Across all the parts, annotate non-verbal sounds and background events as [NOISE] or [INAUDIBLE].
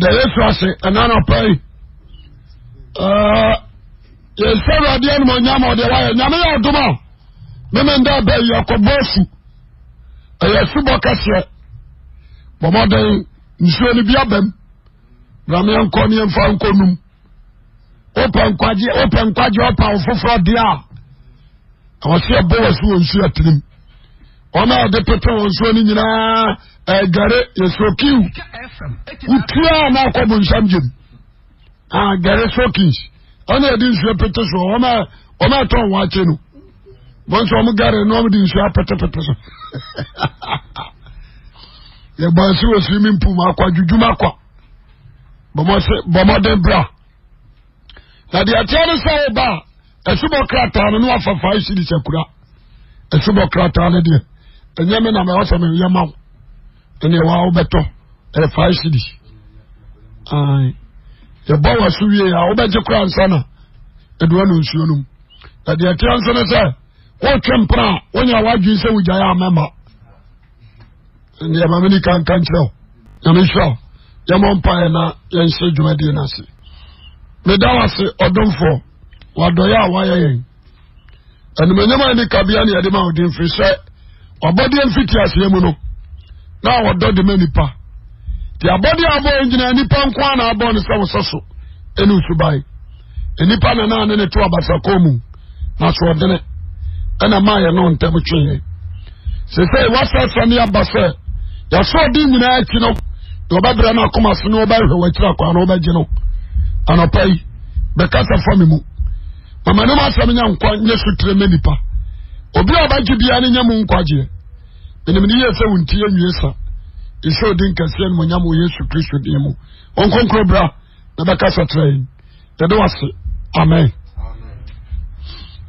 da yesu ase ɛna na ɔpa yi eh, yɛsɛ awurade anom ɔnyam a ɔde wayɛ nyame yɛ ɔdom a meme nda ba yi yɛkɔbɔ afu ɛyɛ eh, asubɔ kɛseɛ bɔmmɔden nsuo no bi aba m brame yɛnkɔ ne yɛmfa nkɔ num wopɛ nkwagye wopɛ nkwagye ɔpa wo foforɔ deɛ a ɛwɔ sɛ ɛbɔ wɔ so ɔno a ɔde pepe wɔn nsuo no nyinaa ɛgare yɛsokiw wotua a na akɔ bo nsam gyem agare sokins ɔne yɛde nsuo pete so ɔma ɛtɔn wɔn akyi no bɔn sɛ ɔmo gare na ɔmo de nsuo apetepete so [LAUGHS] yɛbɔ nsi wɔ swimming pool mu akɔ adwudwuma kɔ bɔmɔden bra na deɛ ɛteɛ no sɛ ɔba a ɛsubɔ krataa no na wafa five series akura krataa no deɛ ɛnyɛ mi na mɛ ɔsɛ mi yɛ ma wo ɛnna ɛwɔ awo bɛtɔ ɛyɛ five cd ayi yɛbɔ wɔ so wie a wobɛgye kora nsa na aduwa no nsuo no mu na deɛ ɛteɛ nso ne sɛ wotwe mpena a wonya woadwene sɛ wogyaeɛ a mɛma ndeɛ ma mene kanka nkyerɛ wo nyame hyɛ wo yɛmɔ mpaeɛ na yɛnhyɛ dwumadie no ase meda wo ase ɔdomfoɔ wadɔyɛ a woayɛ yɛn animonyam a kabea ne yɛde ma wo den sɛ ɔbɔdeɛ mfiti aseɛ mu no na wɔdɔ de ma nipa nti abɔdeɛ abɔɔ nyinaa nipa nko a na abɔɔ no sɛ wo sɛ so ɛne nsubae nipa na naa ne ne to abasakɔ mu na so ɔdene ɛna maa yɛ no ntɛm tweeɛ sesei wasɛsɛ ne aba sɛ yɛsɛ ɔde nyinaa akyi no na ɔbɛbrɛ no akoma so ne wɔbɛhwɛ wakyira kwa na wɔbɛgye no anɔpa yi bɛkasa fa me mu mama ne m asɛm nya nkwa nyɛ sotire ma nipa obi a ɔbɛgye biara ne nyɛ mu nkwagyeɛ ɛnim ne yɛ sɛ wo nti yɛnwie sa ɛsɛ odi nkɛseɛ no monyam wɔ yesu kristo din mu ɔnkonkoro bra na bɛka sɛ kyerɛ yɛn yɛde wase amen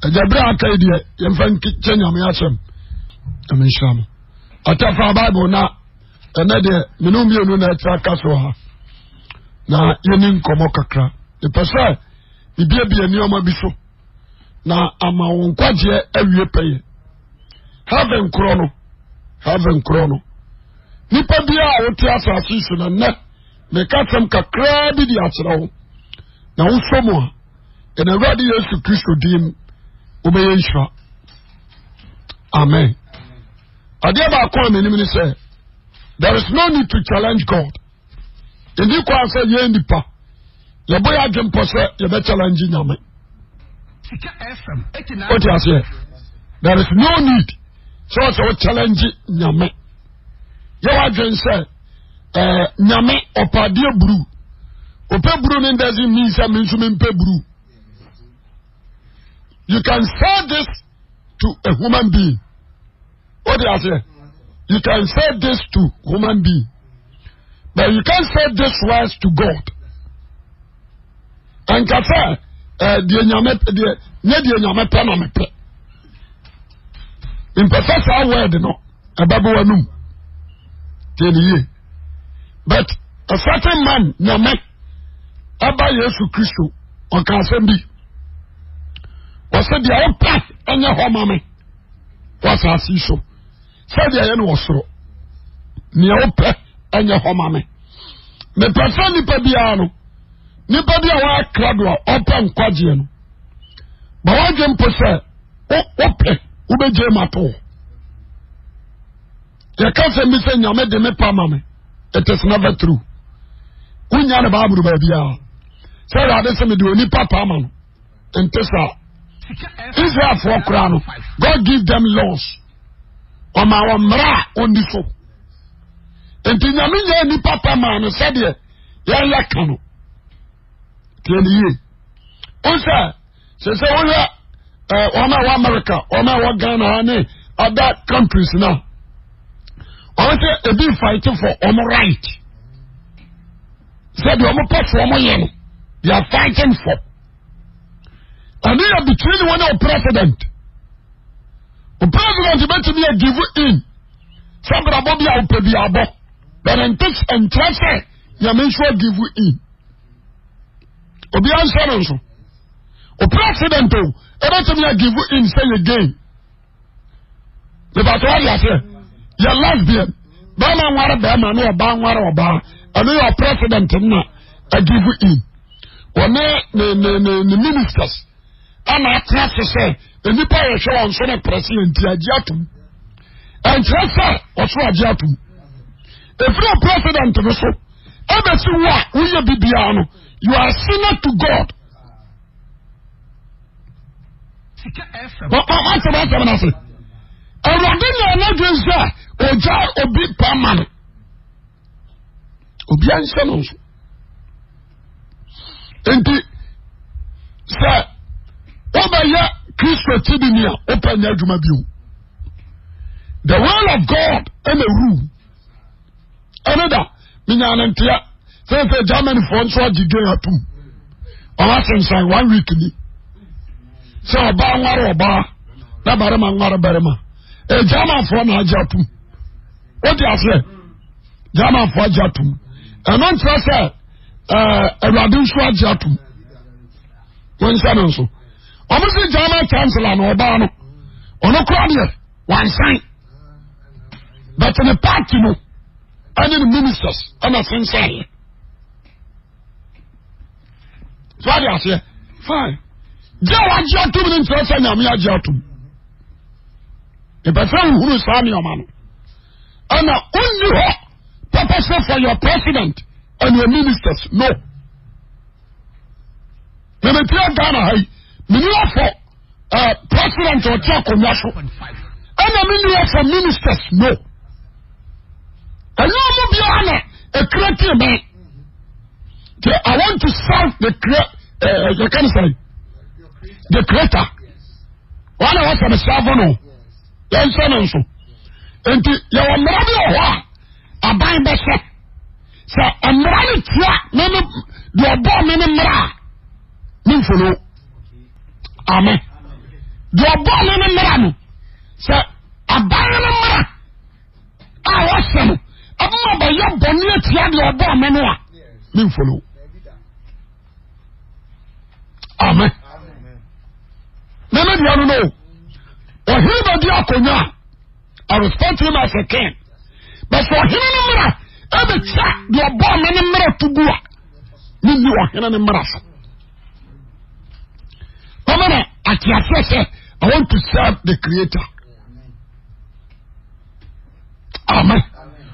agya berɛ a aka yi deɛ yɛmfa nkyɛ nyame ahyɛm amenhyira no atafa bible na ɛnɛ deɛ mene mmienu na ɛkyerɛ aka so ha na yɛni nkɔmmɔ kakra mepɛ sɛ mebiabia nneɔma bi so na ama wo nkwagyeɛ awie pɛyɛ heaven korɔ no heaven korɔ no nipa bi a wote asase so na nnɛ meka sɛm kakraa bi de akyerɛ wo na wosɔ mu a ɛna awurade yesu kristo din wobɛyɛ nhyira amen adeɛ baako a m'anim ne sɛ there is no need to challenge god ɛdi kɔ a sɛ yɛn nipa yɛbɔ yɛ adwempɔ sɛ yɛbɛchallenge nyame sika fm eighty nine. o ti a there is no need sɛ ɔsɛ o challenge nyame yɛ wa dwen sɛ ɛɛ nyame ɔpadeɛ buru ɔpɛ buru ne doesn't mean sɛ mi nso mi mpɛ buru you can say this to a human being o ti a seɛ you can say this to human being but you can say this words to God. And Kasa, Eh, deɛ nyame deɛ nyɛ deɛ nyame pɛ na mepɛ mpɛsɛ saa word no ɛbɛbɛ w'anum tie ne yie but a certain man nyame ɛba yesu kristo ɔka asɛm bi wɔsɛ deɛ wopɛ ɛnyɛ hɔ ma me wɔ asase yi so sɛdeɛ ɛyɛ no wɔ soro nea wopɛ ɛnyɛ hɔ ma me mepɛ sɛ nnipa biara no nipa bi a wakra do a ɔpɛ nkwagyeɛ no ba wagye mpo sɛ wopɛ wobɛgye ma to yɛka sɛ bi sɛ nyame de me pa ma me it is never true wonya ne baaboro baabiaa sɛ awurade sɛ mede onipa pa ma no nte saa israelfoɔ koraa no god give them laws ɔma wɔ mmara a ɔnni so nti nyame nyɛ nipa pa ma no sɛdeɛ yɛyɛ ka no tiɛ ni yie nsa sese woyɛ ɛɛ wɔn a wɔ america wɔn a wɔ ghana ne other countries na wɔn sɛ ebi fight for wɔn right sɛbi wɔn pɛ for wɔn yɛ no they are fighting for ɛni yɛ between wɔn and president o president bɛ ti mi yɛ give in sábàbọ̀ bí a ò pè bí a bọ̀ bẹ̀rẹ̀ ntẹ́ nkyerẹ́ sẹ́ yàmi nsúwọ́ give in obi answer no nso o president o ebe tí mi yà give in say again nípa tó wà yà sẹ yà lesbian bẹẹma nwara bẹẹma ni ọba nwara ọba ẹni yà president nna ẹ give in wọn ní ní ní ní ní ministers ẹna atena se sẹ nípa yẹ hwẹ wọn nso ní president agye atum ẹnkyerẹ sẹ ọsọ agye atum efiri president ni so ẹbẹ si wo a wúnyẹ bíbí ano. You are a sinner to God. Wọ́n sọ wọ́n sọ Ẹ̀rọ̀dé ni ọ̀nàdé nsọ a ọjà obi pàmà no. Obi ansẹ́ no nso. Nti sẹ ọba yẹ Kristo ti di ni a ọpẹ nyẹ adwuma bi o. The will of God ẹna rule. Ẹni da, mi nyà ni ntia sɛsɛ germany foɔ nso agyigye atom ɔwa sensan one week ni sɛ ɔbaa nware ɔbaa na barima nware barima ee germanfoɔ na agye atom wodi aseɛ germanfoɔ agye uh, atom ɛno nkyerɛ sɛ ɛɛ awurade nso agye atom wɔn nsa no nso ɔmo si german chancellor na ɔbaa no ɔno kura deɛ wansan bɛtɛ ne paati no ɛne ministers ɛna sensan yɛ so adi aseɛ fine gye wa gye atum ne nkyerɛ sɛ nyame agye atum ìbẹ̀fẹ́ òhuru sáà ní ọ̀ma no ẹnna only hɔ purpose for your president and your ministers no mẹ̀mẹ̀tìyà Ghana ha yi mẹ̀mí wà fọ ẹ president ọ̀tí akonnwa so ẹnna mẹ̀mí wà fọ ministers no ẹ̀yọ́ ọmọ bíi ọ̀hánà ẹ̀kírẹ́tì bẹ́ẹ̀. I want to serve the creator. Uh, eh, you eh, can say the creator. Wọn a wọ́n sọ mi sáfù nù. Yẹn sọ mi nso. Nti yẹ wọ mmerẹ bi wọ a aban bɛ sɛ. Sɛ mmerɛ ni tia ne ne deɛ ɔbɔ mi ne mmerɛ a ne nfolo. Amen. Deɛ ɔbɔ mi ne mmerɛ no sɛ aban ne mmerɛ a wɔsɛ no ɛmu abɛyɛ bɔnni etia deɛ ɔbɔ mi a. me follow. Amen. Mẹ́mẹ́ di anu náà, ọ̀hìn bá di akonnwa, I respond to him as I can. Bẹ̀sẹ̀ ọ̀hìn ni mìíràn, ẹ every kyá you are born, ni mìíràn tó bu a, ní bi ọ̀hìn ni in ohin ni miiran so. Ọmọ náà, àti àfẹ́ I want to serve the creator. Amen.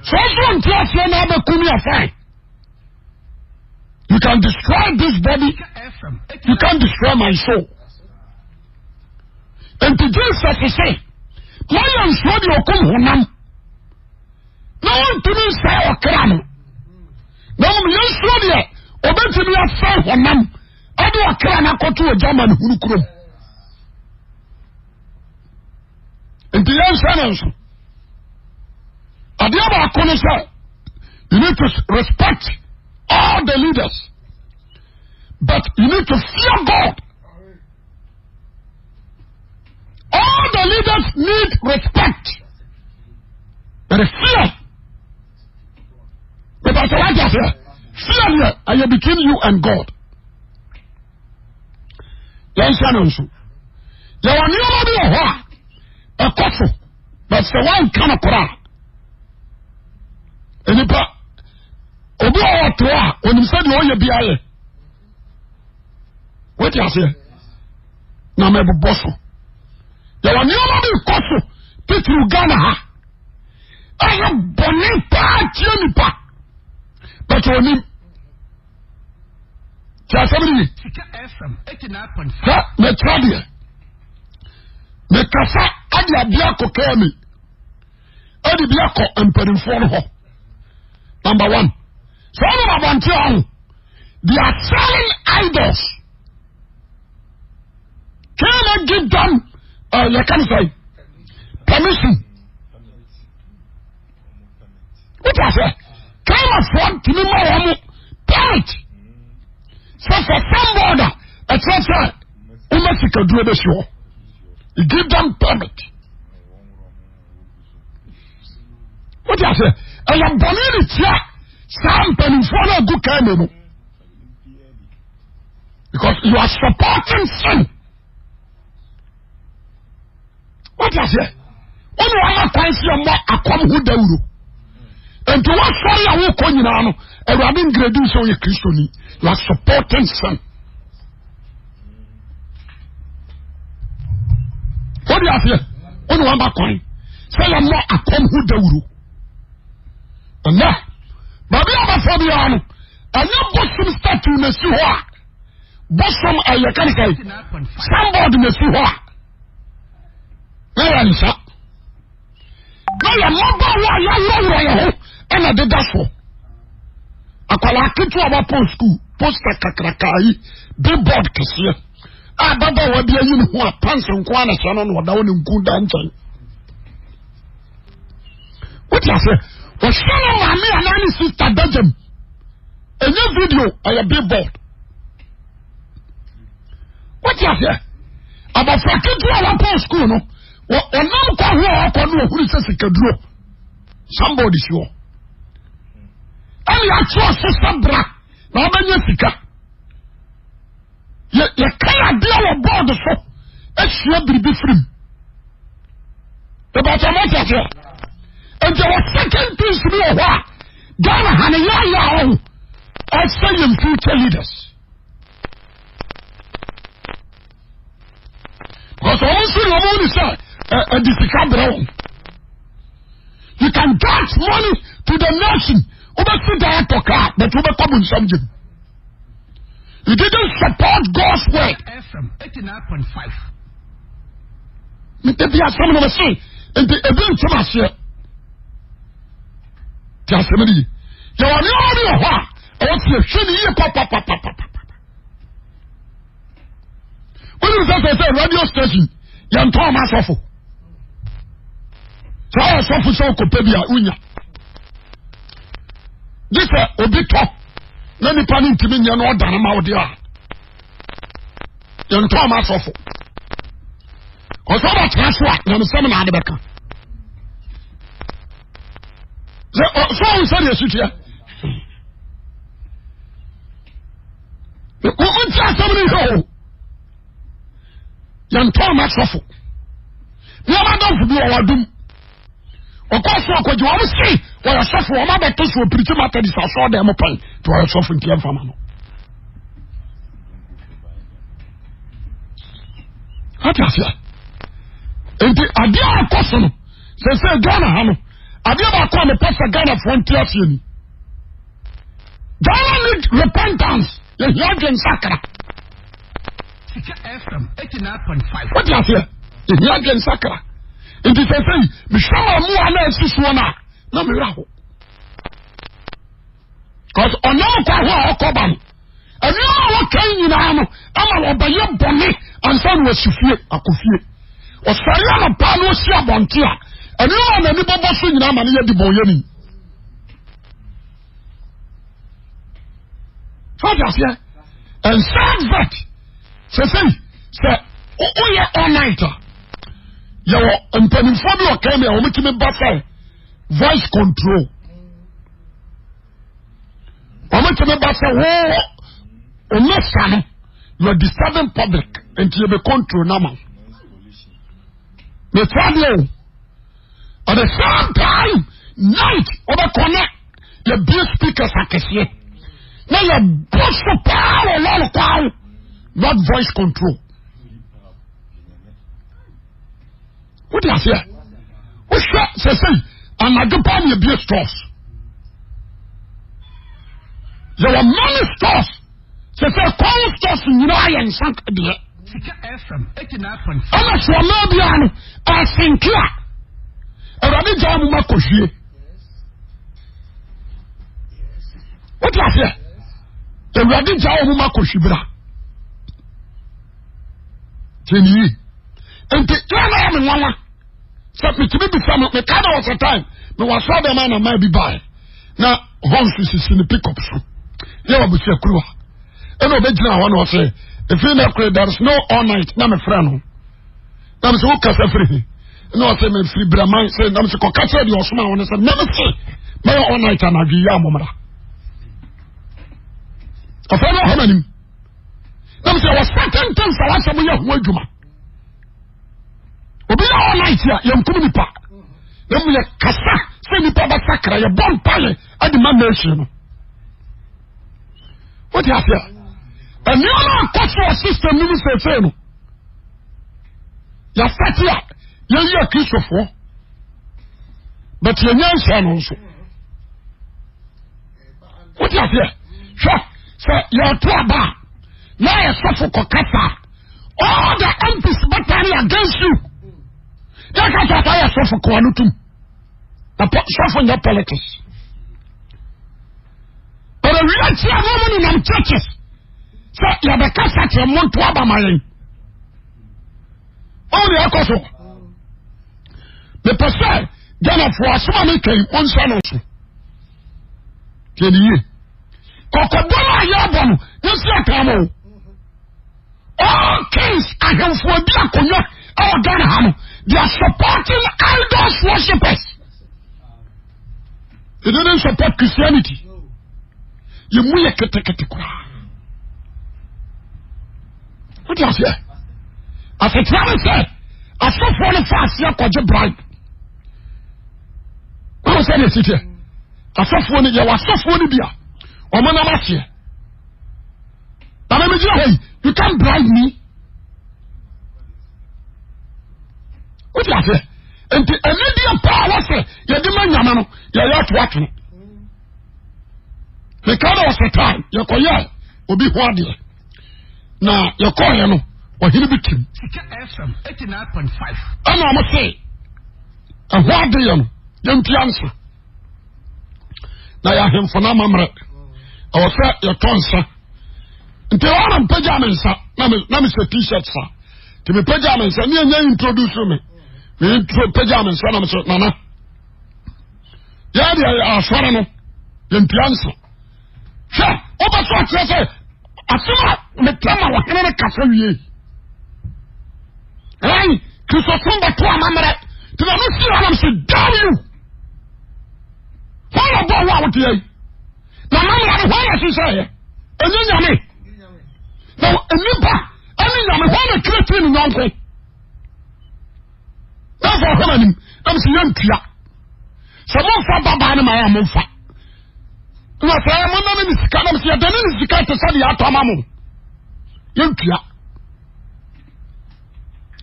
Sọ́ọ́sọ́ ntí àfẹ́ náà bẹ̀ kú mi àfáì. You can destroy this body, you can't destroy my soul. And Enti Jesus sè, wọ́n yẹ nsúwọ́ di okun hùnam, na wọ́n ntumi nsẹ́ ọ̀kẹ́rẹ́ àná. Na wọ́n yẹ nsúwọ́ di yẹ, ọbẹ̀ ntumi yẹ fẹ́ hùnam, ọdún ọ̀kẹ́rẹ́ àná kọ́tù wọ Germany huru kurom. Enti yẹ nsẹ́ ne nso. Adeɛ baako ne sɛ, you need to respect. all the leaders. But you need to fear God. All the leaders need respect. There is fear. But I what is here. Fear here. are you between you and God. Yes, I know. yɛwɔ nneɛma bi wɔ hɔ a ɛkɔ so the one woanka no koraa enipa obi a ɔwɔto a onim sɛ deɛ ɔyɛ bia yɛ wote aseɛ na mɛbobɔ so yɛwɔ nneɛma bi kɔ so pitiri ghana ha ɛyɛ bɔne paa kyerɛ nipa bɛtɛ onim tí a sẹ́mi nìyí. sẹ́ mẹ tíra diẹ mẹ kasa adi adi akọ kẹ́ẹ̀mì adi bi akọ mpẹ̀rẹ̀fọ́ ni họ number one. So I'm about They are selling idols. Can I give them, uh, you can say, permission? What was it? Can I from Timimo Permit. So for some border, a church, a uh, Mexico do this show. You give them permit. What was it? I'm born in it, yeah. saa mpanimfoɔ no agu kaa mu no because you are supporting sin wọ́n ti aseɛ wọ́n ni wọ́n akɔ nsi ɔmɔ akɔm ho dawuro nti wọ́n sɔrɔ yà wọ́n kɔ nyinaa no awurade ngredi sɛ ɔyɛ kristoni you are supporting sin wọ́n ti aseɛ wọ́n ni wọ́n akɔ nsi sɛ yà mɔ akɔm ho dawuro ɛnna baabi abafo biara no ɛnyɛ bosom statue na si hɔ a bosom ɛyɛ kanka yi sanbɔɔd na si hɔ a na yɛ nsa na yɛ mmabaawa a yɛawɔworɔ yɛ ho ɛna deda so akwalaa ketewa ba pɔn sukuu posta kakraka yi billboard kɛseɛ a ababaawa bi ayi ne ho a pants nko ara na hyɛ no na ɔda hɔ ne nku da nkyɛn wotia sɛ wɔsɔlɔ maame anani sista dɛgyɛm enye video ɛyɛ billboard wɔte aseɛ abɔfra ketewa a wɔpɔn sukuu no wɔ ɔnam kɔ ho a ɔkɔ no ɔhuru sɛ sikaduro sambɔɔdi si hɔ ɛna yɛakyerɛ so sabra na ɔbɛnya sika yɛ yɛka adeɛ wɔ bɔɔdo so ehyia biribi firim ebatɔ mɔte aseɛ nti wɔ second things bi wɔ hɔ a ghana ha ne yɛ ayɛ awo ɔsɛ yɛn future leaders. because wɔn nso na wɔn ni sɛ ɛ ɛdi sika brɛ wɔn you can get money to the nation wobɛsi dan atɔ kaa but wobɛkɔ bu nsɛm gyem. You didn't support God's word. FM 89.5. Mete bi asam na wɔsi nti ebi ntoma aseɛ ti asɛm ni yi yɛwɔ ní ɔmo ni ɔhɔ a ɛwɔ tiɛ hwɛ ni yie papapapapa wọ́n ti sɛ sɛ sɛ radio station yɛn tɔn ɔmo asɔfo sɛ ɔyɛ sɔfo sɛ ɔkɔ pɛ a unya gye sɛ obi tɔ na nipa ne ntumi nyɛ na ɔda ne ma ɔde a yɛn tɔn ɔmo asɔfo ɔsɔ ɔmo atena a na ne sɛm na ade bɛka sɛ ɔfɔwò sani esutua o ti asɛm ni hɛ o yɛn tɔn ma sɔfo ní ɔmá dɔnfo bi ɔwɔ dum ɔkɔ so ɔkɔgye wɔn si wɔyɛ sɔfo wɔn abɛto so opirikyi ma tɛdi sa sɔɔ dɛm pan tí wɔyɛ sɔfo ntiɛ nfa ma no ɔti aseɛ nti adeɛ a ɔkɔ so no sɛ sɛ Ghana ha no adeɛ baako a mepɛ sɛ ghanafoɔ nte aseɛ ni ghana need repentance yɛhia adwen sakra wode aseɛ yɛhia adwen sakra nti sɛ sɛi mehwɛ ma mmoa na asi soɔ no a na mewerɛ ho bcause ɔnam kwa ho a ɔkɔ ba no ɛnoa a wɔkan nyinaa no ama wɔbɛyɛ bɔne ansa na wɔasi fie akɔ ɔsɔre anɔpaa na ɔsi abɔnte a ɛne a n'ani bɔbɔ so nyinaa ma ne yɛ dibɔnyɛni fati aseɛ ɛnsa vet sɛsɛyi sɛ woyɛ ɔnait a yɛwɔ mpanimfoɔ bi ɔkan mi a wɔmɛtumi ba sɛ voice control wɔmɛtumi ba sɛ wɔwɔ ɔno sa no yɛ disturbing public nti yɛbɛ control n'ama mɛ fadi o. at the same time night ọbẹkọnẹ yẹ bíi speakers akẹsíẹ na yẹ bọsọ paaro lọrọ kwaaro not voice control wọ́n ti àṣeyẹ wọ́n ṣe sẹ́sẹ́yì anadu pa ni ebie stores yẹ wọ mọ́ni stores sẹ́sẹ́ kọ́ọ̀n stores nyinaa yẹ nsa deɛ ɛna sọ̀rọ̀ mẹ́ẹ̀bi àná àṣìǹkìá. awurade gya mu ma kɔ hwie wotu aseɛ awurade gya mu ma kɔ hwi bra tiɛni yi nti yɛn na yɛ mi nwanwa sɛ mitumi bisa Me mika na ɔsɛ time mi wa sɔ dɛm ana maa bi baa na hɔn sisi ne pickup so yɛ wɔ busia kuruwa ɛna ɔbɛ gyina hɔ na ɔsɛ efi na kure there is no all night na mi no na mi sɛ o kasa firi hi na ɔsɛ mɛ firi biraman sɛ nam sɛ kɔka kyerɛ deɛ ɔsoma wɔn sɛ nam sɛ bɛyɛ all night anadwo yi amomra ɔfɛ no ɔhɔ n'anim nam sɛ wɔsa tenten sa wɔasɛ mo yɛ ho adwuma obi yɛ all night a yɛnkum nipa na mu yɛ kasa sɛ nipa bɛsakra yɛbɔ mpaeɛ ade ma mɛɛhyɛ no wote aseɛ ɛnneɛma akɔ so wɔ system no mu seesei no yɛsate a yɛyi akristofoɔ but yɛnya nsa no nso wote aseɛ hwɛ sɛ yɛto aba a na yɛsɔfo kɔkasa all the MPs battalion against you yɛka sɛ ata yɛsɔfo kɔa no tom na sɔfo nyɛ politics but awia kyia no mu nenam churches sɛ yɛbɛkasa kyerɛ mmonto aba ma yɛn ɔwo ne yɛkɔ so mepɛ sɛ ghanafoɔ asɛm a metwɛn ɔnsa no so tiɛne yie kɔkɔbɔ no a yɛabɔ no yɛsi ataa mo all kings ahemfoɔ bi akonnwa ɛwɔ ghana ha no they are supporting idols worshippers they don't support christianity yɛmu yɛ ketekete koraa wote aseɛ asetea ne sɛ asɔfoɔ no fa aseɛ kɔgye bribe wọ́n sẹ́ ní ẹ̀sìtìẹ̀ asọ́fọ́ ni yẹ wọ asọ́fọ́ ni bíà ọmọ náà wá tiẹ̀ bàbá mi gyina hɔ yi you can bribe me o ti àfẹ́ nti ẹni díẹ̀ paa wọ́n sẹ̀ yẹ́dí mẹ́ nyàmá no yẹ yẹ ato ato nìkan náà ọ̀sẹ̀ tán yẹ kọ yẹ obi hu adìẹ na yẹ kọ yẹ no ọ̀hìn bi tì mu ẹnna ọmọ sẹ ẹhu adìẹ no yɛmpi ansa na yɛahemfo no amammerɛ ɛwɔ sɛ yɛtɔ nsa nti wana mpagya me nsa na mesɛ t-shirt sa nti mepagya me nsa ne ɛnya introduce me mepagya me nsa na mesɛ nana yɛde asɔre no yɛmpia nsa hwɛ wobɛsɛ ɔkyerɛ sɛ asɛm a metama wɔhene no kasa wie ɛn kristosom bɛto amammerɛ nti na no si anam sɛ daw you wọn yɛ bɔ owó àwòtí yẹn na mamman ni wọn yɛ sísẹ yẹ ẹni nyame na nipa ẹni nyame wọn yɛ kiri tiri ni nyɔnko náà fọ ọkọ nànim ẹni sẹ yẹn ntua sẹ mo nfa bàbá ni ma yà mo nfa na sẹ ẹ mo nà mi ni sika náà sẹ yẹ dẹni ni sika ti sẹ ni yà tọ́ ma mo yẹn ntua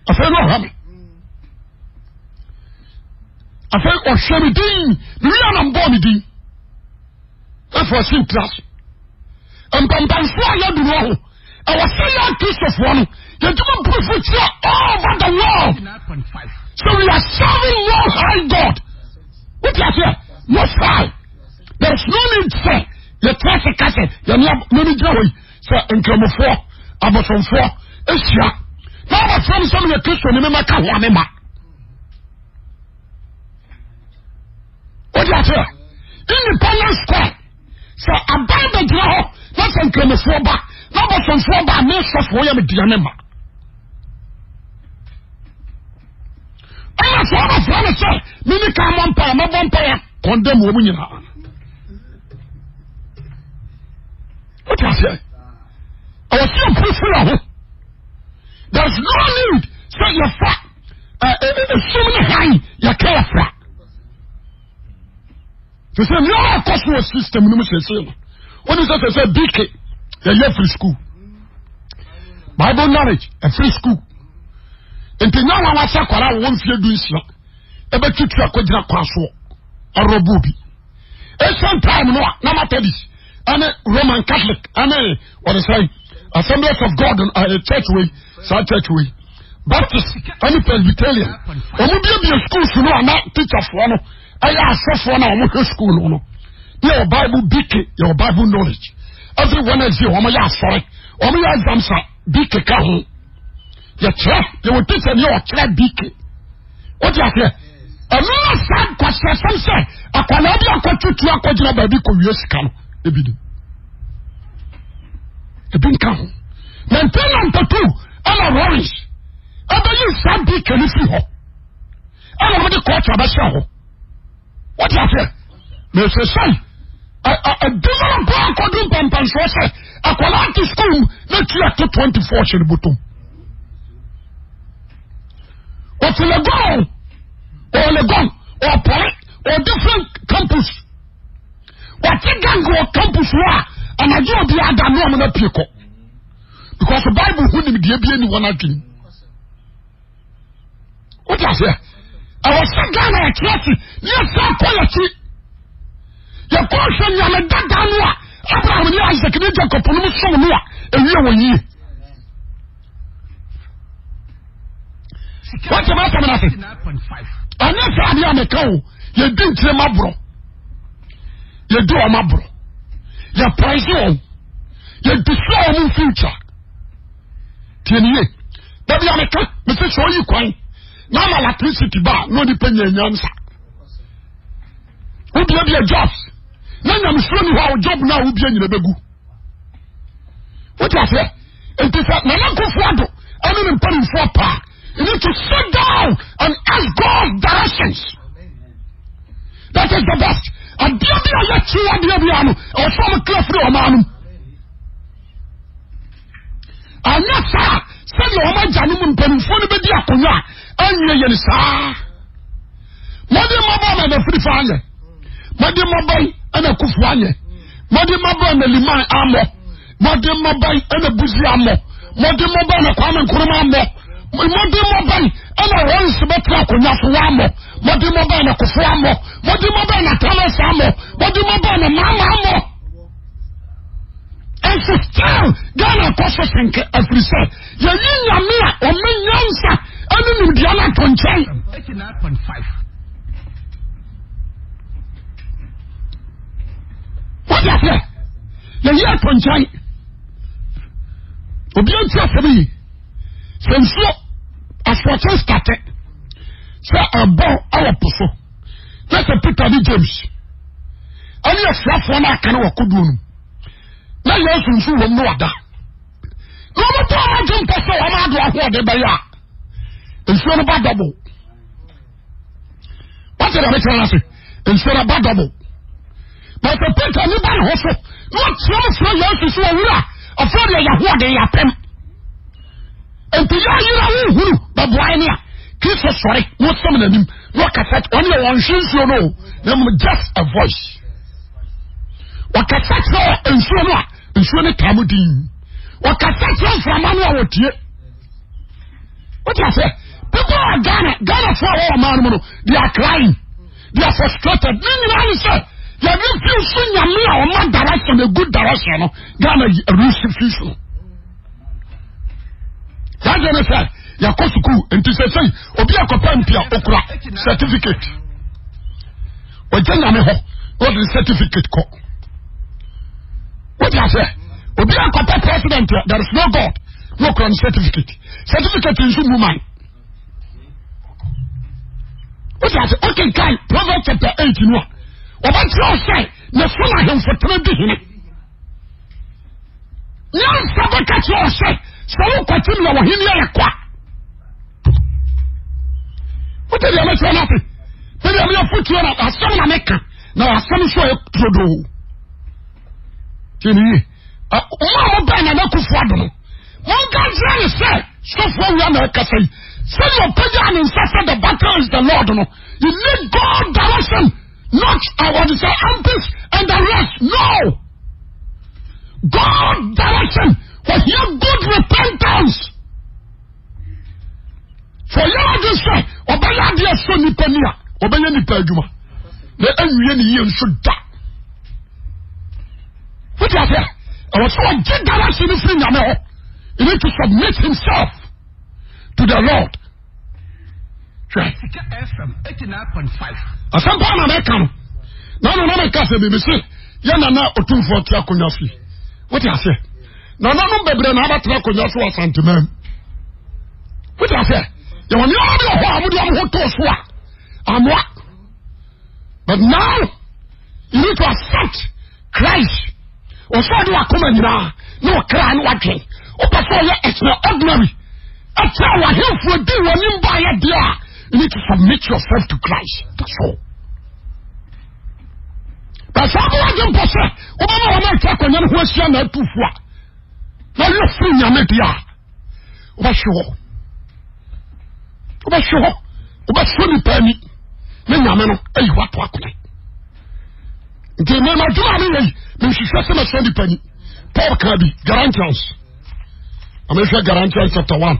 ọsẹ yẹn ní ọhọ mi afei ɔhwɛ mi din biribi anam bɔ mi din ɛfɛ ɔsi ntira so mpampanfo a yɛdu no ho ɛwɔ sɛ yɛ akristofoɔ no yɛntuma purifo kyerɛ all over the world so we are serving one high god wote aseɛ no fry there is no need sɛ yɛtra sɛ ka sɛ yɛne nani gyina hɔ yi sɛ nkramofoɔ abosomfoɔ ahyia na wɔfrɛ m sɛ meyɛ kristo ne memɛka ho a mema wọ́n yà fẹ́ independent square sọ aban bẹ gyina hɔ na sọ nkramofoɔ ba na bɔ sɔnfoɔ ba a ne sɔfoɔ yɛ mi diya ne ma. ɛna sọ ɔba fura ne sɛ mi ni kan mɔ mpa yɛ mɛ bɔ mpa yɛ kɔndɛm wɔn mu nyinaa. wọ́n ti àfẹ́ ɛwɔ sí òpófin ọ̀hún there is no need sɛ yɛ fa ɛ ɛ ɛ sum ne hàn yɛ kẹ́ sɛ ní ɔyɛ kɔ so wɔ system no mu sese no wɔn ni sɛ sɛ sɛ bk yɛyɛ free school bible knowledge free school nti nyɛ wɔn wasa kɔra wɔn mfie du nsia ɛbɛ tutu akɔgyina kɔ asoɔ ɔrɔ bu obi asian e time no a na methodist roman catholic ɛne wɔde sɛ assemblies of god ɛɛ uh, church wei saa church wei baptist ɛne presbyterian wɔn bie bie schools no a na teacherfoɔ no ɛyɛ asɔfoɔ na wɔn hwɛ sukuu no no yɛ wɔ bible bk yɛ wɔ bible knowledge every wednesday wɔn yɛ asɔre wɔn yɛ exams a bk ka ho yɛkyerɛ yɛwɔ teacher ni ɔkyerɛ bk o ti aseɛ ɛnura saa nkɔsɛ sɛm sɛ akwadaa bi akɔtutu akɔgyina baabi kɔ wie sika no ebi di ebi nka ho nineteen ninety two ɛna lawrence ɛbɛyi saa bk no fi hɔ ɛna wɔn de abɛhyɛ hɔ wọ́n ti àfẹ́ mẹ ṣe sẹ́yìn ẹ ẹ dísọ́nà bọ́ akọ́dún pàmpàǹsọ̀ ṣe àkọ́lá àti skul ní ti àti twenty four ṣe ni bó tó. òtìlẹ̀ gọ́ọ̀ òòlẹ̀ gọ́ọ̀ ọ̀pọ̀rẹ́ ọ̀ different campus wọ́n ti gàngù ọ̀ campus wọ́n a ànàjẹ́ òbí àdánù ọ̀mọ náà pè kọ́ because bible hu ni mi diẹ bíẹ́ ni wọ́n á dín. ó ti àfẹ́ yà ɛwɔ sɛ ghana yɛkyerɛ se yɛsɛ kɔ yɛkyi yɛkɔhwɛ nyame dada no a abraham ne isak ne jacob no m som no a ɛwie wɔ yie wọ́n máa tẹ̀mí n'ase ọ̀nà sáàdì àmìká o yẹ di nkyẹn má bọ̀rọ̀ yẹ di ọ̀ má bọ̀rọ̀ yẹ pàṣẹ ọ̀ yẹ di sọ ọ̀ mu fíjà tiẹ̀ nìyẹ bẹ́ẹ̀ kwan n'ama electricity ba na nya enyansa wobie jobs na nyamsuro ni hɔ a job na wobie nyina bɛgu wote aseɛ nti sɛ ado ɛne ne mpanimfoɔ paa you need to sit down and ask God directions that is the best adeɛ bi a yɛkyi adeɛ bi a no ɔsɔ mo kila firi ɔmaa nom anyɛ saa sɛdeɛ ɔma gya no mu mpanimfoɔ no bɛdi akonnwa ɛnyɛ yɛ ni saa mɔdi mɔbɔ na ɛna firi fa anyɛ mɔdi mɔbɔ ɛna kufu anyɛ mɔdi mɔbɔ ɛna liman amɔ mɔdi mɔbɔ ɛna busi amɔ mɔdi mɔbɔ ɛna kwame nkuruma amɔ mɔdi mɔbɔ ɛna wɔn nsɛbɛ tura akonya so wa amɔ mɔdi mɔbɔ ɛna kufu amɔ mɔdi mɔbɔ ɛna tamas amɔ mɔdi mɔbɔ ɛna maama amɔ ɛnso ghana kɔ so senke yɛyi nyame a nyansa ɛne nimdeɛ no ato nkyɛn wode aseɛ yɛyi ato nkyɛn obia nti asɛm yi sɛ nsuo asoɔkye state sɛ ɛbɔ awɔ po so na sɛ peter ne james ɛne asuafoɔ no aka no wɔ kodoɔ no na yɛasu nsu wɔ m no wada na ɔmɔbɔ ɔmadwe mpɛ sɛ ɔmaado ahoɔde bɛyɛ a nsuo no ba dɔbɔ wọ́n ti rẹ̀ mi kyerɛ lase nsuo no ba dɔbɔ pẹ̀sẹ̀ pété ní bá nìhó so ní wọ́n ti fún yẹn sísun òwúrọ̀ ọ̀fọ́ de yàhó ọ̀dẹ̀ yà pẹ́m mpìyà ayélujára wọ́n huru bẹ̀bù ayé ni à kì í sọ sọ̀rẹ́ wọ́n sọ̀mù n'anim wọ́n kẹsẹ̀ wọ́n yẹ wọ́n nsu nsuo no na mu just a voice wọ́n kẹsẹ̀ kyerɛ nsuo no a nsuo no tààmù dín wọ́n kẹsẹ̀ kyerɛ nframa no a wọ́n tie wọ́n ti à people are Ghana, Ghana for our man, they are crying. They are frustrated. Then you answer, you have been feeling soon, you are not direction, a good direction. Ghana is a restitution. That's what I said. You go to school and to say, Obi Akopampia Okra certificate. Ojen Yameho, what is certificate called? What do you say? Obi Akopa president, there is no God. No certificate. Certificate is human wọ́n ti àṣẹ ọ̀kẹ́ proverbs chapter eight nù a ọba tí wọ́n sẹ́ na fún ahemfo tẹ́lẹ̀ bí hinẹ́ yẹn nsàbọ̀ kàtí wọ́n sẹ́ sọ̀rọ̀ kọ̀tí nà wọ́n hinẹ́ yẹ kọ́ a wọ́n ti di ẹ̀mẹ́ tí wọ́n náà fi bẹ́ẹ̀ ni ẹ̀mẹ́ yẹ fún tiwọn náà asẹ́mu náà mi kàn na asẹ́mu sọ yẹ tuodo tiẹ̀ nìyí ọmọ àwọn bẹ́ẹ̀ náà ẹ̀kọ́ fún adùn mọ́ nǹkan jẹ́ ẹ̀ sẹ́ sọ́fọ́ wíwá náà kẹsẹ́ Send your prayer and insist the battle is the Lord. No, you need God direction, not I want to say and the rest. No, God direction for your good repentance. For you just say, Obey dear son, Nipania, Obey Nipaduma, the Enrian should die. What do you say? I was so good direction, you need to submit himself. to the Lord. Asampa na meka no. Na no na meka se bibi se ya na na otumfo ti akonya fi. What you say? Na na no bebre na abatena akonya so asantemam. What you say? Ya wani o bi ho amudu am ho to so a. Amwa. But now you need to accept Christ. Osadu akoma nyina na okra na wadwe. Opasọ yɛ extraordinary. After our help will do one in by a dear, you need to submit yourself to Christ. That's all. That's all I can pass. Obama will not take on your question at two fois. Now you're free, you're not here. Obasho. Obasho. Obasho ni penny. Men yameno, eh, what wakune. Nti mè mè djou anè yè, mè mè shishè se mè sè di penny. Paul Kabi, Garantians. Amè shè Garantians chapter one.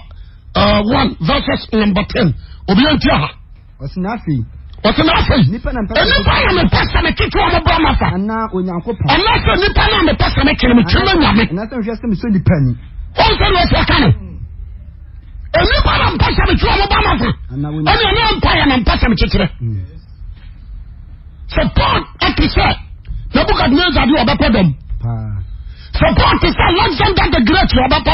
uh, 1 verses number ten. Obi yẹn ti a ha. Ọ̀sìn náà fèyí. Ọ̀sìn náà fèyí. Nípa náà mpẹ́sẹ̀. Nípa náà mi pẹ́sẹ̀ mi kíkí ọmọ bọ́ ọmọ fa. Àná onyankó pa. Àná sọ nípa náà mi pẹ́sẹ̀ mi kiri mi kí ló nyàmé. Àná sọ nípa mi sọ nípa ni. Ó ń sọ ní ọ̀sẹ̀ kánò. Nípa náà mpẹ́sẹ̀ mi kí ọmọ bọ́ ọmọ fa. Ẹni ẹni ọ̀npa yẹn na mpẹ́sẹ̀ mi kíkiri. Hmm. Sọ Paul ẹ ti sẹ, Nebuchadnezzar di ọbẹ pẹ dọm. Sọ Paul ti sẹ, Alexander the Great ọbẹ pẹ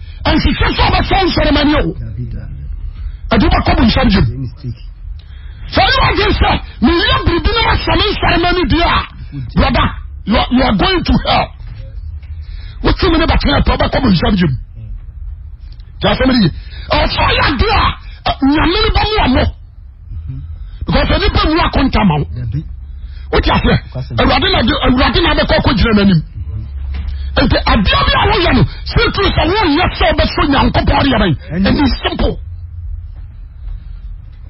ɛnsesɛ sɛ ɔbɛsɛ nsɛremani o ɛde wobɛkɔbo nsɛm gyem sɛ ne wagye sɛ meyɛ biribi no masɛme nsɛremani deɛ a brɔda you are going to hell wotumi ne bɛtena pɛ wobɛkɔbo nsɛm gyem nti asɛm ne ye ɛwɔ sɛ ɔyɛ adeɛ a nyame no bɛmoa mo because ɛnipa mu akonta ma wo wotiasɛ awurade na bɛkɔ kɔgyina n'anim nti adeɛ bi a wɔyɛ no sitiri sɛ wɔnyɛ sɛ ɔbɛso nyankopɔn deɛ bɛyi ɛni simple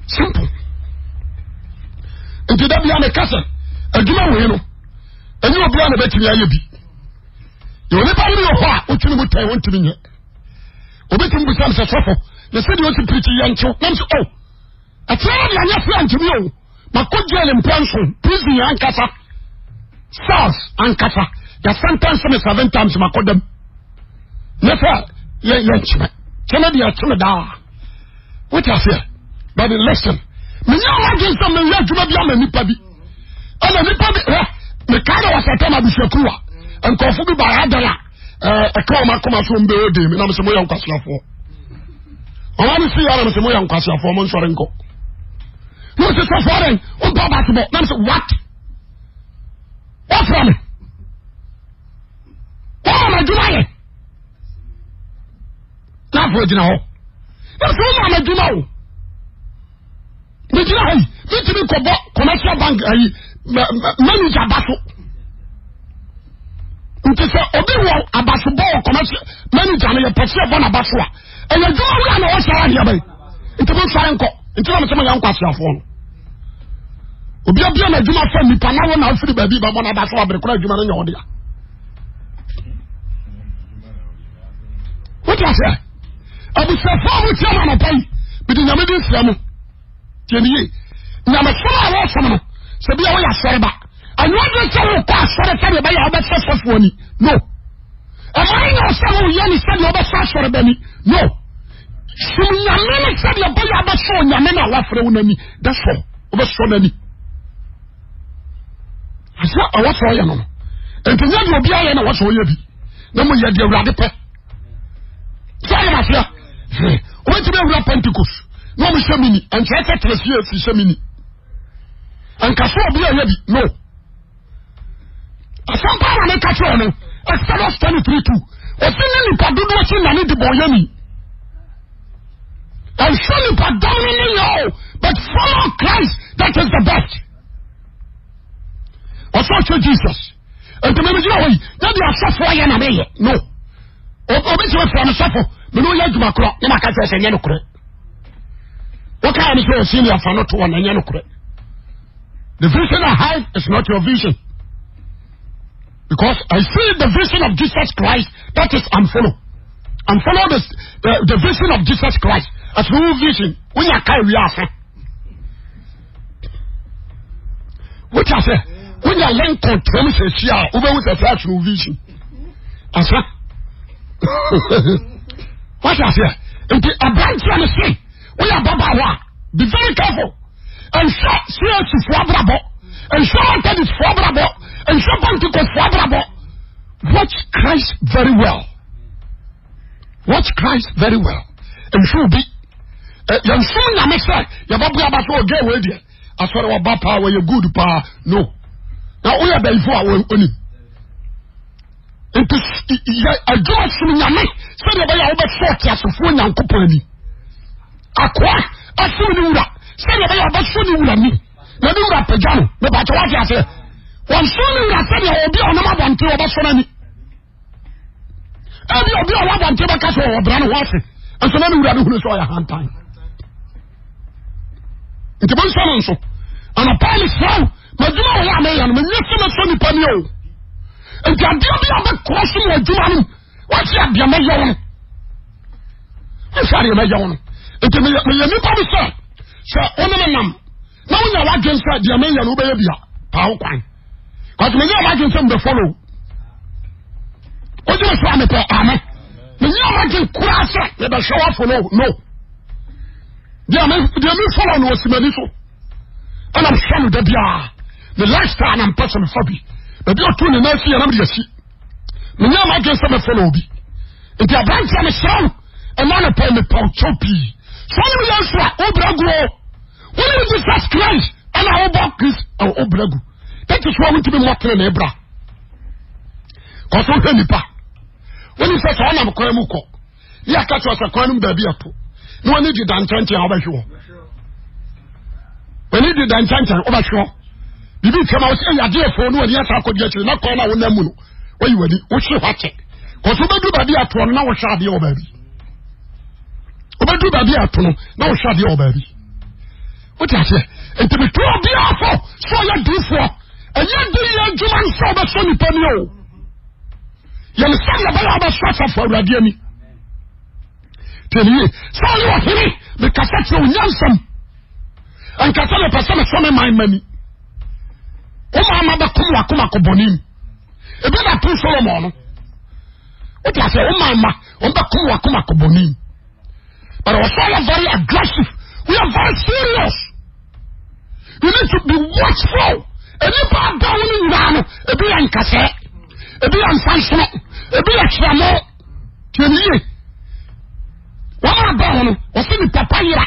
simple nti da bia meka sɛ adwuma wei no ɛni obiara na bɛtumi ayɛ bi yɛwɔ nipa bi wɔ hɔ a wotumi mu tɛn wɔntumi nyɛ obetumi bisa mi sɛ sɔfo yɛ sɛ deɛ osi pirikyi yɛ nkyew nam so o oh, ɛkyerɛ deɛ anyɛ fira ntumi o makɔ gyɛl mpɔnso prison yɛ ankasa sars ankasa yɛ sentence me seven times ma kɔ dam ne fa yɛ yɛ nkyɛn kyɛn de yɛ kyɛn daa wote aseɛ but listen menya awadun sɛ menyɛ adwuma bi ama nipa bi ɛna nipa bi hɛ mekaada wɔ satan abusuakuruwa nkɔfo bi baayɛ adala ɛɛ ɛka wɔn akoma so wɔn bɛyɛ dɛm ɛna mesɛ moyɛ nkwasiafoɔ wɔn ani si yɛ ɛna mesɛ moyɛ nkwasiafoɔ mo nsɔre nkɔ ne mo sɛ sɔfoɔ dɛ o ba baasi bɔ ɛna mesɛ what wɔfra mi wọn ma adwuma yɛ n'afɔ gyina hɔ n'afɔ wọn ma adwuma o n'egyina hɔ yi bitumi kɔbɔ commercial bank ayi manager baso nti sɛ obi wɔ abasobɔ wɔ commercial manager no yɛ pɛsi ɛbɔ n'abaso a ɛyɛ adwuma wura na ɔhyɛ wa adeɛ bɛyi nti mo nsɔre nkɔ nti na mo sɛ mo yɛ nkɔ asiafoɔ no obi abia na adwuma fɛ nipa na wɔn na afiri baabi bɛbɔ n'abaso abirikura adwuma no nyɛ ɔdeɛ. ti ase abusafo a mo ti na pan bi nyame di nsira mu tiɛni nyame sɔrɔ a wɔsɔm no sɛbi a wɔyɛ asɔreba anyuwa de sɛ wo kɔ asɔre sɛbi ɛbɛyɛ a wɔbɛsɛ sɔfoɔ ni no ɛmɔri na ɔsɛ wo yɛ ni sɛbi ɔbɛsɛ asɔreba ni no sum nyame ni sɛbi ɛbɛyɛ a bɛsɛ onyame na wafrɛ wo nani dɛsɔ wɔbɛsɔ nani asɛ ɔwɔsɔ yɛ no no nti nyɛ de obi ayɛ na wɔsɔ yɛ bi na mo yɛ de awurade pɛ yẹn wà fìyà wọ́n ti bẹ wura pentikos ní wọ́n mu sẹ́mi ni ẹ̀nkyẹ́ ẹ̀sẹ̀ tẹ̀lé sí ẹ̀sì sẹ́mi ni ẹ̀nkasó ọ̀bí ẹ̀yẹ bi no asampa wà ní kàtí ọ̀nù exodus twenty three two òfin ní nípa dúdú ọ̀sìn nàní dìbò ọ̀yẹ́ mi ẹ̀nsẹ́ nípa dánwó ní yẹ o but follow Christ that is the best ọ̀sán ọ̀sán Jesus ètò mímu gyina hɔ yi yẹ́n di asọ́fọ́ yẹn nà mí yẹ no obi sɛ wafira no sɔfo mene woyɛ adwuma korɔ ne maka kyerɛ sɛ nyɛ nokorɛ wokaa ne sɛ ɔsini afa no to wɔna nyɛ nokorɛ the vision I have is not your vision because I see the vision of Jesus Christ that is unfollow unfollow the, the, the vision of Jesus Christ as no vision wonya ka awia ase wotia sɛ wonya lɛnkɔntram sɛ si a wobɛhu sɛ sɛ asno vision asa What ti àṣeyẹ nti abirante ẹni sè wọ́n yà bàbá wa be very careful nsọ cac fún abúrabọ nsọ mountains fún abúrabọ nsọ pentikos fún abúrabọ watch Christ very well watch Christ very well nsọ obi yẹn nsọ nyame sẹ yẹ bá bu abasọ ọjọ ìwé diẹ asọrọ ọba paa wọ yẹ good paa no na wọ́n yẹ bẹ̀yìfọ́ àwọn onim nti yɛ adwuma sum nyame sɛdeɛ ɛbɛyɛ a wobɛsɛ ɔteasefoɔ nyankopɔn ani akoa asom ne wura sɛdeɛ ɛbɛyɛ a wobɛsɔ ne wura ni na ne wura pagya no mepakyɛ woate aseɛ wɔnsom ne wura sɛdeɛ obi a ɔnam abɔnte wɔbɛsɔ no ani ebi obi a ɔwɔ abɔnte bɛka sɛ ɔwɔ bra no ho ase nso na ne wura no hunu sɛ ɔyɛ hantan nti bonsɔ no nso anɔpa ne srɛ wo madwuma wɔyɛ a mɛyɛ no menyɛ sɛ mɛsɔ nnipa ni o nti adeɛ bi a bɛkɔ so wɔ adwuma no wɔte adeɛ mɛyɛ wo no mehwɛ adeɛ mɛyɛ wo no nti meyɛ nnipa bi sɛ sɛ wo ne me nam na wonya w'adwen sɛ deɛ meyɛ no wobɛyɛ bia paa wo kwan bàtí mi ní àwọn ajínsé mbẹ fọlọ o jẹ sọ àmì pẹ àmì mi ní àwọn ajín kura sẹ mi bẹ sọ wà fọlọ no diẹ mi diẹ mi fọlọ ni o sì mẹ so ẹnna mi sọ mi dẹbi a mi lifestyle na mpẹsẹ mi fọ bi ebi otu ne nan fie nam de asi menye ama adwen sɛ mɛfɔlɔ obi nti aberanteɛ meserɛ wo ɛma ne pɛ mepaw kyɛw pii sɛ ne meyɛ nso a wobra gu o wone ne jesus christ ɛna wobɔ christ wobra e, gu that is why wontumi mmɔtene ne bra kɔ so wohwɛ nnipa wone sɛ sɛ wonam kwan mu kɔ ne aka kyerɛ sɛ kwan no mu baabi ato na wɔne di dankyɛnkyɛn a wobɛhwe wɔ wɔne di dankyɛnkyɛn wobɛhwe wɔ bibi ntɛm a wɔsɛ yade efo no wɔde asa akɔdi akyire na kɔn na wɔn nam mu no wɔyi wɔni wɔhyɛ hɔ akyɛ kɔsɔ bɛdu baabi ato no na wɔhyɛ adeɛ wɔ baabi wɔbɛdu baabi ato no na wɔhyɛ adeɛ wɔ baabi wɔte aseɛ ntɛmɛtu obi afɔ sɛ ɔyɛ diifoɔ ɛnyɛ di yɛ adwuma nsa ɔbɛsɔ nipa ni o yɛn nsa na bɛyɛ abɛsɔ asafo awurade ani tɛniyɛ sɛ ɔyɛ ɔhene mekasa kyerɛ onyansam nkasa mepɛ sɛ mesɔ me man mani wọn ama ma bɛ kum wa kuma ko bɔnni ebi na tun solomon no o ti a sɛ wọn maa ma bɛ kum wa kuma ko bɔnni but wɔsɔ yɛ very aggressive we are very serious you need to be watchful enipa adawo ni nyinaa no ebi yɛ nkasɛ ebi yɛ nsansono ebi yɛ kyerɛmo tiɛniyɛ wɔn adawo no wɔsi ni papa yira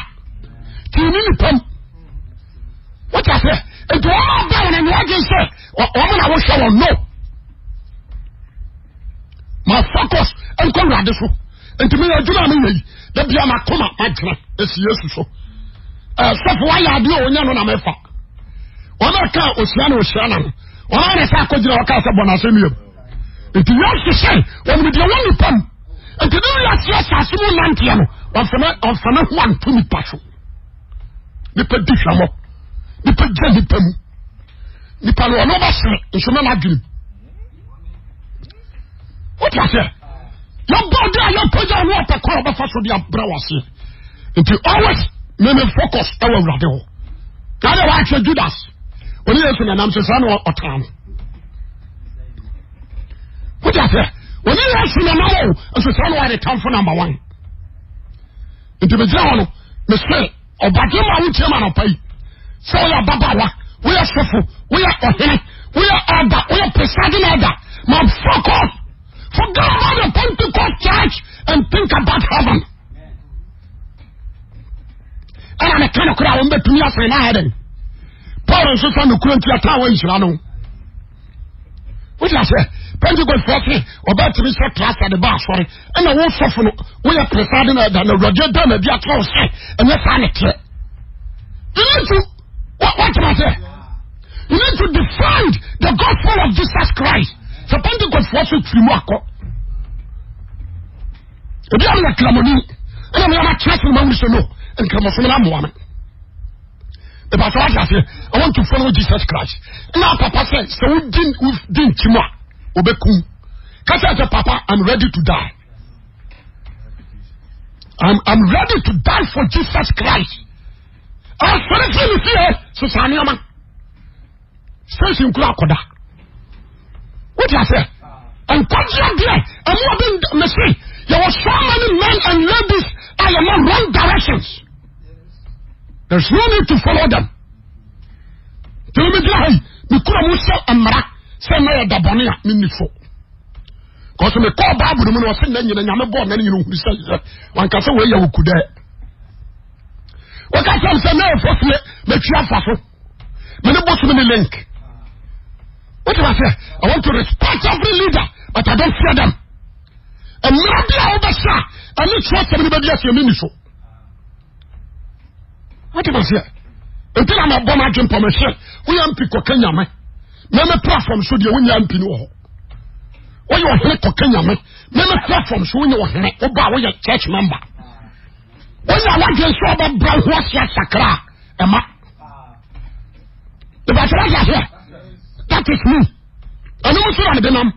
tiɛni ni pam wɔn ti a nti wɔn a da wɔn ani agye sɛ wɔn na wɔhwɛ wɔn no ma focus nkɔ wurade so nti mi yɛ adwuma a mi yɛ yi dabi a ma kɔma yesu so ɛɛ sɔfo wayɛ adeɛ a onya no na ma fa wɔn a ka osia na osia na no wɔn a na sɛ akɔgyina wɔn ka sɛ bɔ n'asɛm yɛ mu nti yɛn hyehyɛ wɔn mu deɛ wɔn nipa mu nti ne yɛ aseɛ saase mu nanteɛ no wɔn fana wɔn fana ho anto nipa so nipa di hwɛmɔ nipa gyina nipa mu nipa no ɔno ɔba sere nsoma na adwene wote aseɛ yɛbɔ ɔde a yɛpagya ho ɔpɛ kɔ a ɔbɛfa so de abrɛ wɔ aseɛ nti always meme focus ɛwɔ awurade hɔ na de wɔatwerɛ judas ɔne yesu na nam sɛ saa na ɔtaa no wote aseɛ ɔne yesu na nam o nso saa na wɔde tamfo number one nti megyina hɔ no mesɛ ɔbade ma wotiam anɔpa yi sɛ woyɛ babawa woyɛ sofo woyɛ ɔhene woyɛ ɔda woyɛ presiding elder ma fuck off forget about the pentecost church and think about heaven ɛna meka no kora a wɔmbɛtumi asene no ahɛden paul nso sa nokura nti ata wɔ nhyira no wogyina sɛ pentecost fɔ se ɔbɛtumi sɛ trasa de ba asɔre ɛna wo sɔfo no woyɛ presiding elder na awurade da na bi akyerɛ wo sɛ ɛnyɛ saa ne teɛ you need what do I say? You need to defend the gospel of Jesus Christ. So, Pentecost was with Frimako. If you have a clamony, and I'm not trusting my mission, know and come from an woman. The pastor said, I want to follow Jesus Christ. Now, Papa said, So we didn't, we didn't, Chima, Obekum. Kasa said, Papa, I'm ready to die. I'm, I'm ready to die for Jesus Christ. asọrọ fi ni fie sisan nneɛma station kura akɔda o ti ase nkɔjia deɛ ɛmu ɔbi mɛsi yɛ wɔ so many men and ladies a yɛ mɔ wrong directions there is no need to follow them tẹlifu mi gyina ha yi mi kura mu sɛ mmara sɛ ɛna yɛ dabɔne a mi ni so kɔsu mi kɔɔ baabulu mu na ɔsi na nyina nyame bɔɔ na ne nyina ohun sɛ wankasa wɔyɛ okuda yɛ. Waka sa mse me enfosme, me tia fafo. Me ne bosme ni link. What am I I want to respect every leader, but I don't fear them. And maybe I oversaw, and you trust anybody else you mean so. What am I say? Until I'm a bomb, I can promise you. We am pick Kenya, man. Meme platform should you win yam pinu ho. Why you are here to Kenya, man? Meme platform should you win your church member. wagye nso ɔbɛbra ho ahyɛ sakra ɛma ìbàtí wáyé ahyɛ that is me ɛnum nso na de nam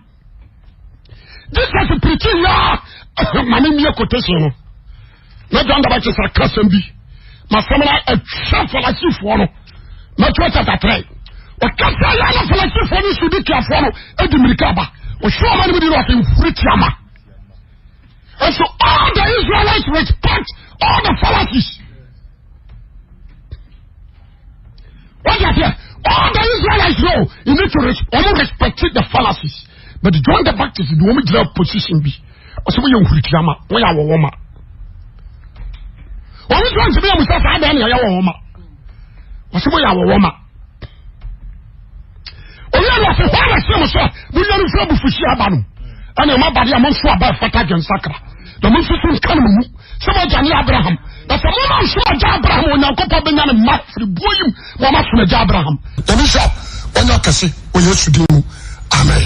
jesus pirikyi nyɛ maame mi ekotation no na john dabakye sa kasɛm bi masɛm na ɛtwa falasifoɔ no matthew chapter three ɔkasa yɛ na falasifoɔ no sudikiafoɔ no edi mirika aba ɔhyɛ ɔmo anim di na ɔsɛ nfiri tiama and so all the israelites respect all the fallacies. What you here? All the Israelites know you need to res respect the fallacies. But John the Baptist, the woman drive position be. Ọsọ wọ́n yẹ nkurutiyama wọ́n yà wọ̀ wọ́n ma. Wọ́n mi sọ́n ti bí ẹ̀ musa sáà bẹ́ẹ̀ ni ọ̀yà wọ̀ wọ́n ma. Ọsọ wọ́n yà wọ̀ wọ́n ma. Oyè lọ sí wọ́n rẹ̀ sí mu sọ mo yẹ nufẹ́ bufusi abanu ẹni ọmọ abadé a mo nso aba ẹ̀fọ́ta jẹ̀ nsakra na mo nso so nkanu mu sɛ moagyane abraham na sɛ moma nsom agya abraham onyankopɔn bɛnya ne mma firi buo yim ma ɔmasom agya abraham ɛne sɛ ɔnyɛ kɛse ɔyɛ asudin amen